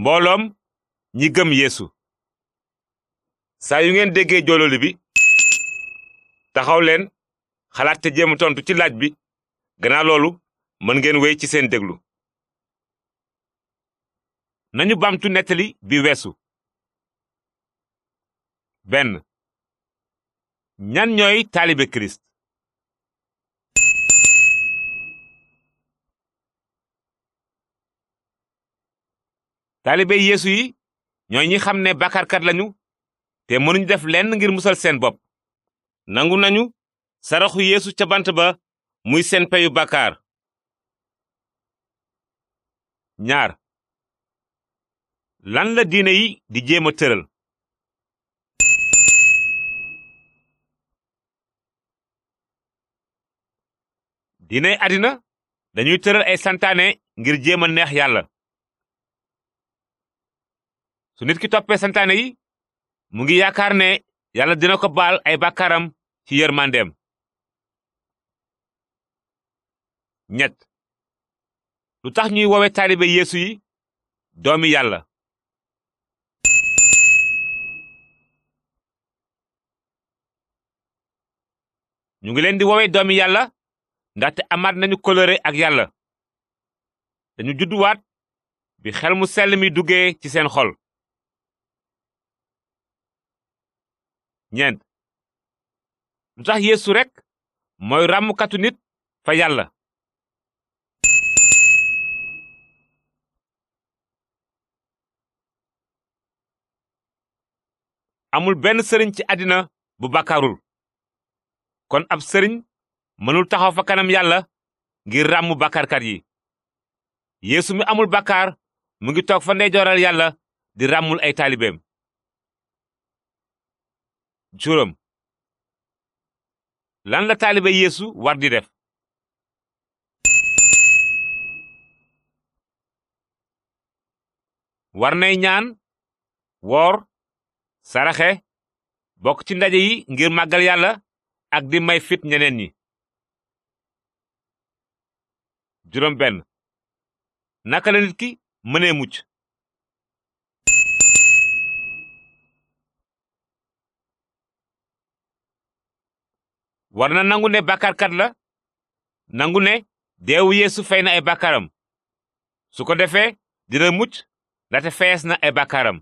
mbooloom ñi gëm yeesu saa yu ngeen déggee jololi bi taxaw leen xalaat te jéem tontu ci laaj bi gannaaw loolu mën ngeen wéy ci seen déglu nañu bamtu nettali bi weesu benn ñan ñooy taalibe kirist taalibe yéesu yi ñooy ñi xam ne bàkkaarkat lañu te mënuñu def lenn ngir musal seen bopp nangu nañu saraxu yéesu ca bant ba muy seen peyu bàkkaar ñaar lan la diina yi di jéem a tëral diiney àddina dañuy tëral ay santaane ngir jéem a neex yàlla su nit ki toppee santaane mu ngi yaakaar ne yàlla dina ko baal ay bàkkaaram ci yërmandeem ñett lu tax ñuy woowe taalibe yeesu doomi yàlla ñu ngi leen di woowe doomi yàlla ndaxte amaat nañu kóllëre ak yàlla dañu judduwaat bi xel mu sell mi duggee ci seen xol ñeent yéesu rekk mooy ràmmkatu nit fa yàlla amul benn sëriñ ci àddina bu bàkkaarul kon ab sëriñ mënul taxaw fa kanam yàlla ngir ràmmu bàkkaarkat yi yéesu mi amul bàkkaar mu ngi toog fa ndeyjooral yàlla di ràmmul ay taalibeem juróom lan la taalibe yeesu war di def war nay ñaan woor saraxe bokk ci ndaje yi ngir màggal yàlla ak di may fit ñeneen ñi naka la nit ki mënee mucc war na nangu ne bàkkaarkat la nangu ne deewu yeesu fey na ay bakkaram su ko defee dina mucc ndaxte fees na ay bakkaram